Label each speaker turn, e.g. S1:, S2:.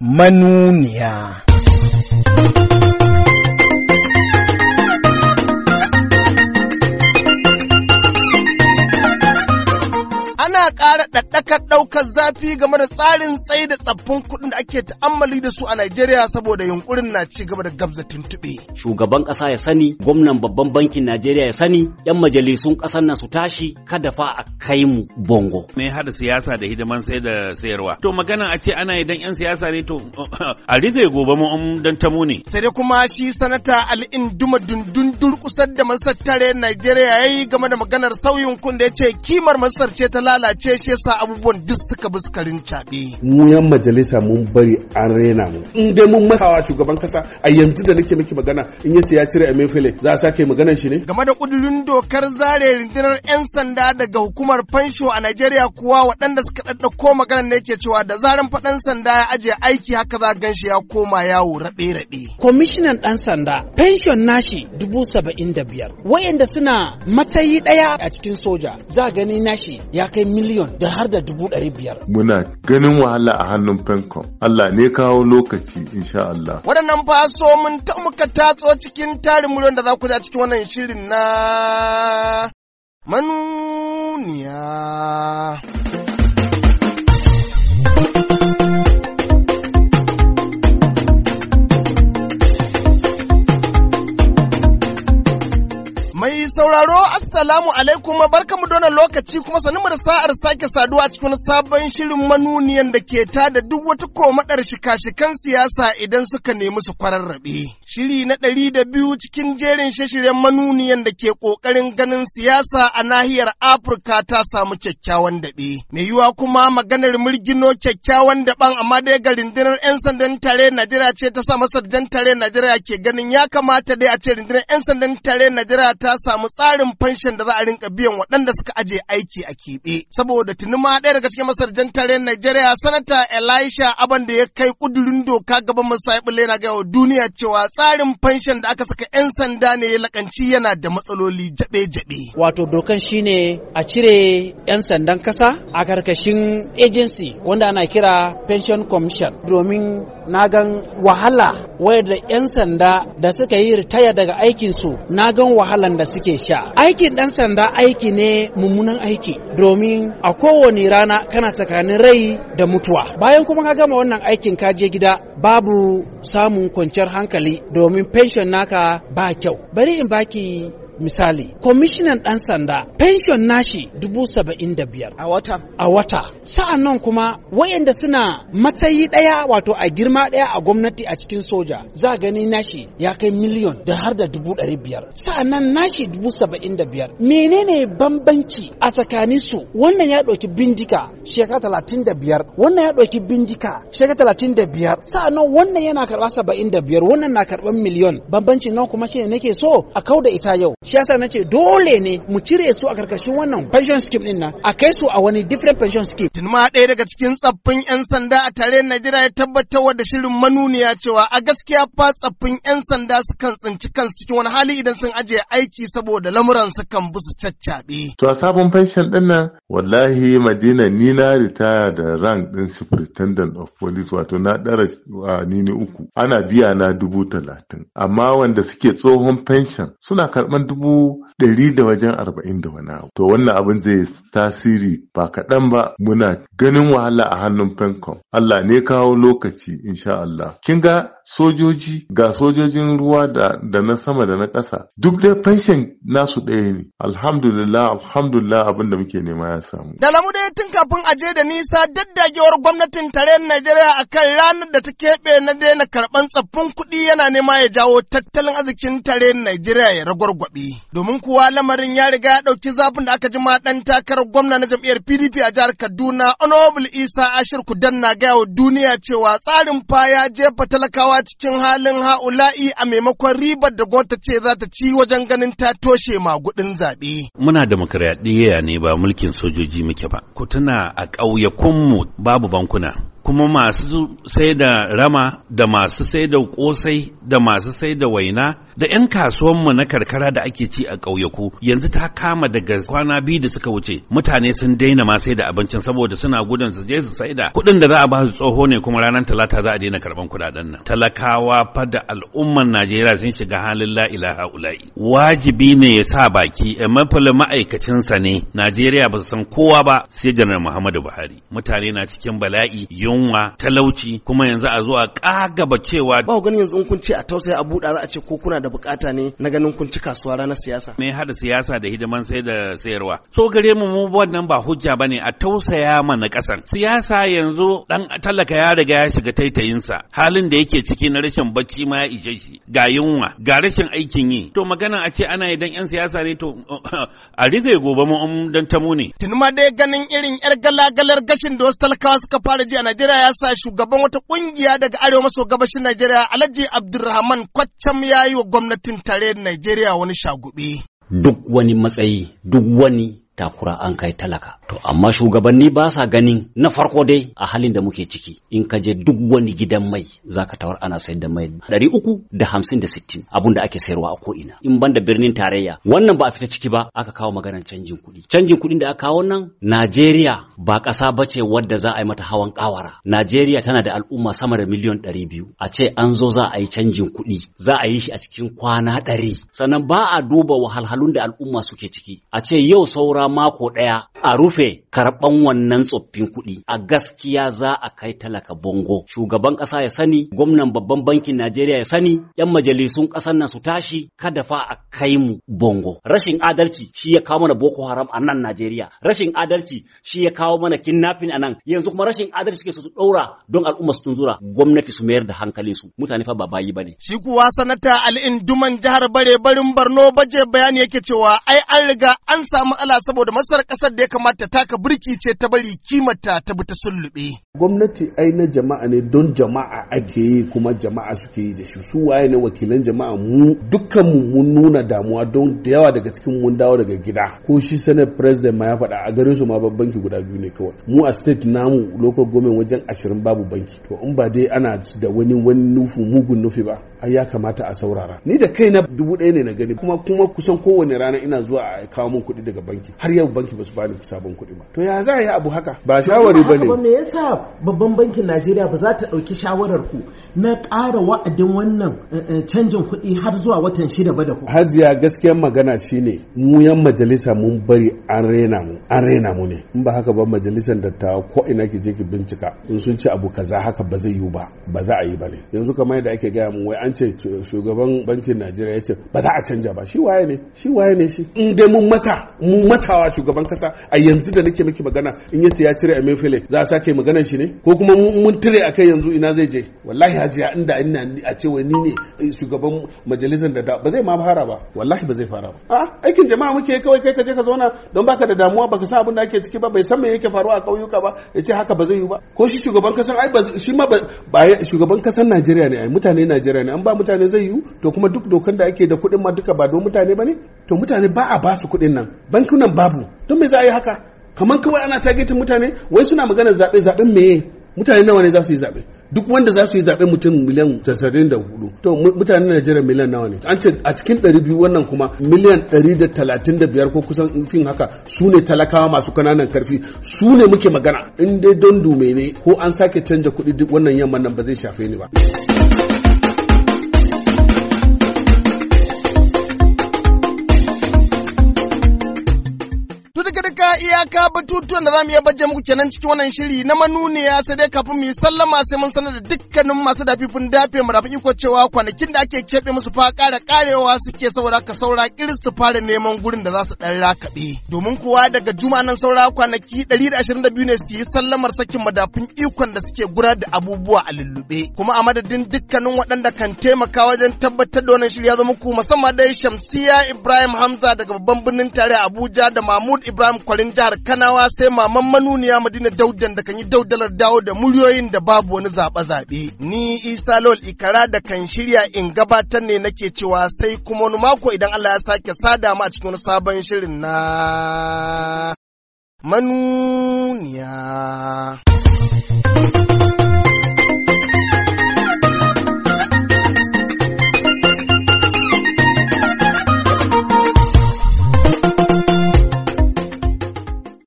S1: manuniya. Ana ƙara ɗaɗɗa Ka ɗaukar zafi game da tsarin tsaye da tsaffin kuɗin da ake ta'ammali da su a Najeriya saboda yunkurin na ci gaba da gabza tuntuɓe.
S2: Shugaban ƙasa ya sani, gwamnan babban bankin Najeriya ya sani, 'yan majalisun ƙasar na su tashi kada fa a kai mu bongo.
S3: Me hada siyasa da hidiman sai da sayarwa? To magana a ce ana idan 'yan siyasa ne to a rufe gobe mu an dan tamu ne. Sai dai kuma shi sanata Ali'in Duma
S1: Dundun durƙusar da masar tare Najeriya ya yi game da maganar sauyin kun da ya ce kimar masar ce ta lalace shi yasa abu. abubuwan duk suka bi suka rincaɓe.
S4: mu yan majalisa mun bari an rena mu in dai mun masawa shugaban kasa a yanzu da nake miki magana in yace ya cire emefiele za a sake maganar shi ne game da kudurin dokar zare rundunar yan sanda daga hukumar
S1: fansho a Najeriya kuwa waɗanda suka ko maganar ne ke cewa da zaran faɗan sanda ya ajiye aiki haka za gan shi ya koma yawo raɗe-raɗe. Kwamishinan ɗan sanda fenshon nashi
S5: dubu saba'in da biyar wayanda suna matsayi ɗaya a cikin soja za gani nashi
S1: ya kai miliyon da har da dubu ɗari biyar.
S4: Muna ganin wahala a hannun Fencom. Allah ne kawo lokaci insha Allah.
S1: Waɗannan faso mun ta muka tatso cikin tarin miliyon da za ku ja cikin wannan shirin na manuniya. sauraro assalamu alaikum barka da wannan lokaci kuma sanin da sa'ar sake saduwa cikin sabon shirin manuniyan da ke ta da duk wata komadar shika-shikan siyasa idan suka nemi su kwararrabe. Shiri na ɗari da biyu cikin jerin shashiren manuniyan da ke ƙoƙarin ganin siyasa a nahiyar Afirka ta samu kyakkyawan daɓe. Mai yiwuwa kuma maganar mirgino kyakkyawan daɓan amma dai ga rundunar 'yan sandan tare Najeriya ce ta sa masarjan tare Najeriya ke ganin ya kamata dai a ce rundunar 'yan sandan tare Najeriya ta samu samu tsarin fanshin da za a rinka biyan waɗanda suka aje aiki a keɓe. Saboda tuni ma ɗaya daga cikin masarjan tarayyar Najeriya sanata Elisha Aban da ya kai ƙudurin doka gaban Musa'ibule na ga wa duniya cewa tsarin fanshin da aka saka 'yan sanda ne ya lakanci yana da matsaloli jaɓe-jaɓe.
S5: Wato dokan shine a cire 'yan sandan kasa a karkashin agency wanda ana kira pension commission domin na gan wahala wayar da 'yan sanda da suka yi ritaya daga aikinsu na gan wahalan da suke sha aikin ɗan sanda aiki ne mummunan aiki domin a kowane rana kana tsakanin rai da mutuwa bayan kuma ka gama wannan aikin ka je gida babu samun kwanciyar hankali domin pension naka ba kyau bari in baki misali kwamishinan ɗan sanda pension nashi dubu saba'in da biyar a wata a wata sa'an nan kuma wayanda suna matsayi ɗaya wato a girma ɗaya a gwamnati a cikin soja za gani nashi ya kai miliyon da har da dubu ɗari biyar sa'an nan nashi dubu saba'in da biyar menene bambanci a tsakanin su wannan ya ɗauki bindika shekara talatin da biyar wannan ya ɗauki bindika shekara talatin da biyar sa'an nan wannan yana karɓa saba'in da biyar wannan na karɓar miliyon bambancin nan kuma shine nake so a kau da ita yau shi yasa na ce dole ne mu cire su a karkashin wannan pension scheme din nan a
S1: kai su a wani different pension scheme tun ma ɗaya daga cikin tsaffin yan sanda a tare Najeriya ya tabbatar da shirin manuniya cewa a gaskiya fa tsaffin yan sanda sukan tsinci kansu cikin wani hali idan sun ajiye aiki saboda lamuran sukan bi su
S4: caccabe to a sabon pension din nan wallahi Madina ni na ritaya da rank din superintendent of police wato na dara a nini uku ana biya na dubu talatin amma wanda suke tsohon pension suna karɓan dubu dubu ɗari da wajen arba'in da wani abu. To wannan abin zai tasiri ba kaɗan ba muna ganin wahala a hannun fankon. Allah ne kawo lokaci insha Allah. Kin ga sojoji ga sojojin ruwa da na sama da na ƙasa duk dai fenshin nasu ɗaya ne alhamdulillah alhamdulillah abin da muke nema ya samu
S1: da lamu dai tun kafin a je da nisa daddagewar gwamnatin tarayyar Najeriya akan ranar da ta keɓe na daina karɓan tsaffin kuɗi yana nema ya jawo tattalin arzikin tarayyar Najeriya ya ragwargwaɓe domin kuwa lamarin ya riga ya ɗauki zafin da aka ji ma ɗan takarar gwamna na jam'iyyar PDP a jihar Kaduna Honorable Isa Ashir Kudan na gaya wa duniya cewa tsarin fa ya jefa talakawa A cikin halin ha'ula'i a maimakon ribar da gwamnati ce za ta ci wajen ganin ta toshe magudin zaɓe.
S3: Muna demokradiyya ne ba mulkin sojoji muke ba. Ku tuna a ƙauyakunmu babu bankuna. kuma masu sai da rama da masu sai da kosai da masu sai da waina da 'yan kasuwanmu na karkara da ake ci a ƙauyaku yanzu ta kama daga kwana biyu da suka wuce mutane sun daina ma sai da abincin saboda suna gudun su je su sai da kuɗin da za a ba su tsoho ne kuma ranar talata za a daina karɓan kuɗaɗen nan talakawa fa da al'umman najeriya sun shiga halin la ilaha ula'i wajibi ne ya sa baki eh, mafalin ma'aikacinsa ne najeriya ba su san kowa ba sai janar muhammadu buhari mutane na cikin bala'i yun yunwa talauci kuma yanzu a zo a kagaba cewa
S1: ba ganin yanzu in kun ce a tausaya a buɗa za a ce ko kuna da bukata ne na ganin kun ci kasuwa ranar siyasa
S3: me hada siyasa da hidiman sai da sayarwa so gare mu mu wannan ba hujja bane a tausaya mana kasan siyasa yanzu dan talaka ya riga ya shiga sa halin da yake ciki na rashin bacci ma ya ije shi ga yunwa ga rashin aikin yi to magana a ce ana idan yan siyasa ne to a riga gobe mu dan tamu ne tunuma dai ganin irin yar galagalar gashin da wasu talakawa suka fara ji a Najeriya Najeriya ya sa shugaban wata kungiya
S1: daga arewa maso gabashin Najeriya Alhaji Abdulrahman Kwaccam ya yi wa gwamnatin tare Najeriya wani shagube.
S2: Duk wani matsayi, duk wani takura an kai talaka. To amma shugabanni ba sa ganin na farko dai a halin da muke ciki in ka je duk wani gidan mai za ka tawar ana sayar da mai ɗari uku da hamsin da sittin abun da ake sayarwa a ko'ina in ban da birnin tarayya wannan ba a fita ciki ba aka kawo maganar canjin kuɗi. Canjin kuɗin da aka kawo nan Najeriya ba ƙasa ba ce wadda za a yi mata hawan ƙawara. Najeriya tana da al'umma sama da miliyon ɗari biyu a ce an zo za a yi canjin kuɗi za a yi shi a cikin kwana ɗari sannan ba a duba wahalhalun da al'umma suke ciki a ce yau saura mako ɗaya a rufe karɓan wannan tsoffin kuɗi a gaskiya za a kai talaka bongo shugaban ƙasa ya sani gwamnan babban bankin Najeriya ya sani yan majalisun ƙasar nan su tashi kada fa a kai mu bongo rashin adalci shi ya kawo mana Boko Haram a nan Najeriya rashin adalci shi ya kawo mana kidnapping a nan yanzu kuma rashin adalci suke su ɗaura don al'umma su tunzura gwamnati su mayar da hankalin su mutane fa ba bayi bane shi
S1: kuwa sanata al'in Duman jihar Bare barin barno baje bayani yake cewa ai an riga an samu ala saboda masar kasar da ya kamata ta ka ce ta bari kimata ta bi ta sullube.
S4: Gwamnati ai na jama'a ne don jama'a ake yi kuma jama'a suke yi da shi su waye ne wakilan jama'a mu dukkan mu mun nuna damuwa don da yawa daga cikin mun dawo daga gida ko shi senate president ma ya faɗa a gare su ma babban banki guda biyu ne kawai mu a state namu local government wajen ashirin babu banki to in ba dai ana da wani wani nufu mugun nufi ba ai ya kamata a saurara ni da kaina dubu ɗaya ne na gani kuma kuma kusan kowane rana ina zuwa a kawo min kuɗi daga banki har yau banki basu bani sabon kuɗi ba to ya za a yi abu haka ba shawari ba ne
S5: me yasa babban bankin Najeriya ba za ta ɗauki shawarar ku na ƙara wa'adin wannan eh, eh, canjin kuɗi har zuwa watan shida ba da ku
S4: hajiya gaskiya magana shine mu yan majalisa mun bari an rena mu an rena mu ne in ba haka ba majalisar dattawa ko ina ki je ki bincika in sun ce abu kaza haka ba zai yiwu ba ba za a yi ba ne yanzu kamar yadda ake gaya mu wai an ce shugaban bankin najeriya ya ce ba za a canja ba shi waye ne shi waye ne shi in dai mun mata mun matawa shugaban kasa a yanzu da nake miki magana in yace ya cire emefiele za a sake maganar shi ne ko kuma mun tire akai yanzu ina zai je wallahi hajiya inda ina a ce wai ni ne eh, shugaban majalisar da ba zai ma fara ba wallahi ba zai fara ba a ah, aikin jama'a muke kawai kai ka je ka zauna don baka da damuwa baka san abin da ake ciki ba bai san me yake faruwa a kauyuka ba ya ce haka ba zai yi ba ko shi shugaban kasan ai shi ma ba shugaban kasan Najeriya ne ai mutane Najeriya ne in ba mutane zai yiwu to kuma duk dokan da ake da kuɗin ma duka ba don mutane ba ne to mutane ba a ba su kuɗin nan bankunan babu don me za a yi haka kamar kawai ana targetin mutane wai suna magana zaɓe zaɓen meye mutane nawa ne za su yi zaɓe duk wanda za su yi zaɓe mutum miliyan tasa'in da hudu to mutanen najeriya miliyan nawa ne an ce a cikin ɗari biyu wannan kuma miliyan ɗari da talatin da biyar ko kusan fin haka su ne talakawa masu kananan karfi su ne muke magana in dai don dume ko an sake canja kuɗi duk wannan yamman nan ba zai shafe ni ba.
S1: batutuwan da za mu iya baje muku kenan cikin wannan shiri na manuniya sai dai kafin mu yi sallama sai mun sanar da dukkanin masu dafifin dafe mu rafi iko cewa kwanakin da ake keɓe musu fa ƙara karewa suke saboda ka saura kirin su fara neman gurin da za su dan rakabe Domin kuwa daga juma nan saura kwanaki 122 ne su yi sallamar sakin madafin ikon da suke gura da abubuwa a lullube. Kuma a madadin dukkanin waɗanda kan taimaka wajen tabbatar da wannan shiri ya zo muku musamman dai Shamsiya Ibrahim Hamza daga babban birnin tare Abuja da Mahmud Ibrahim Kwarin jihar Kano. kanawa sai maman manuniya madina daudan da kan yi daudalar dawo da muryoyin da babu wani zaɓe-zaɓe. Ni Isa Lol Ikara da kan shirya in gabatar ne nake cewa sai kuma wani mako idan Allah ya sake sada mu a cikin wani sabon shirin na manuniya.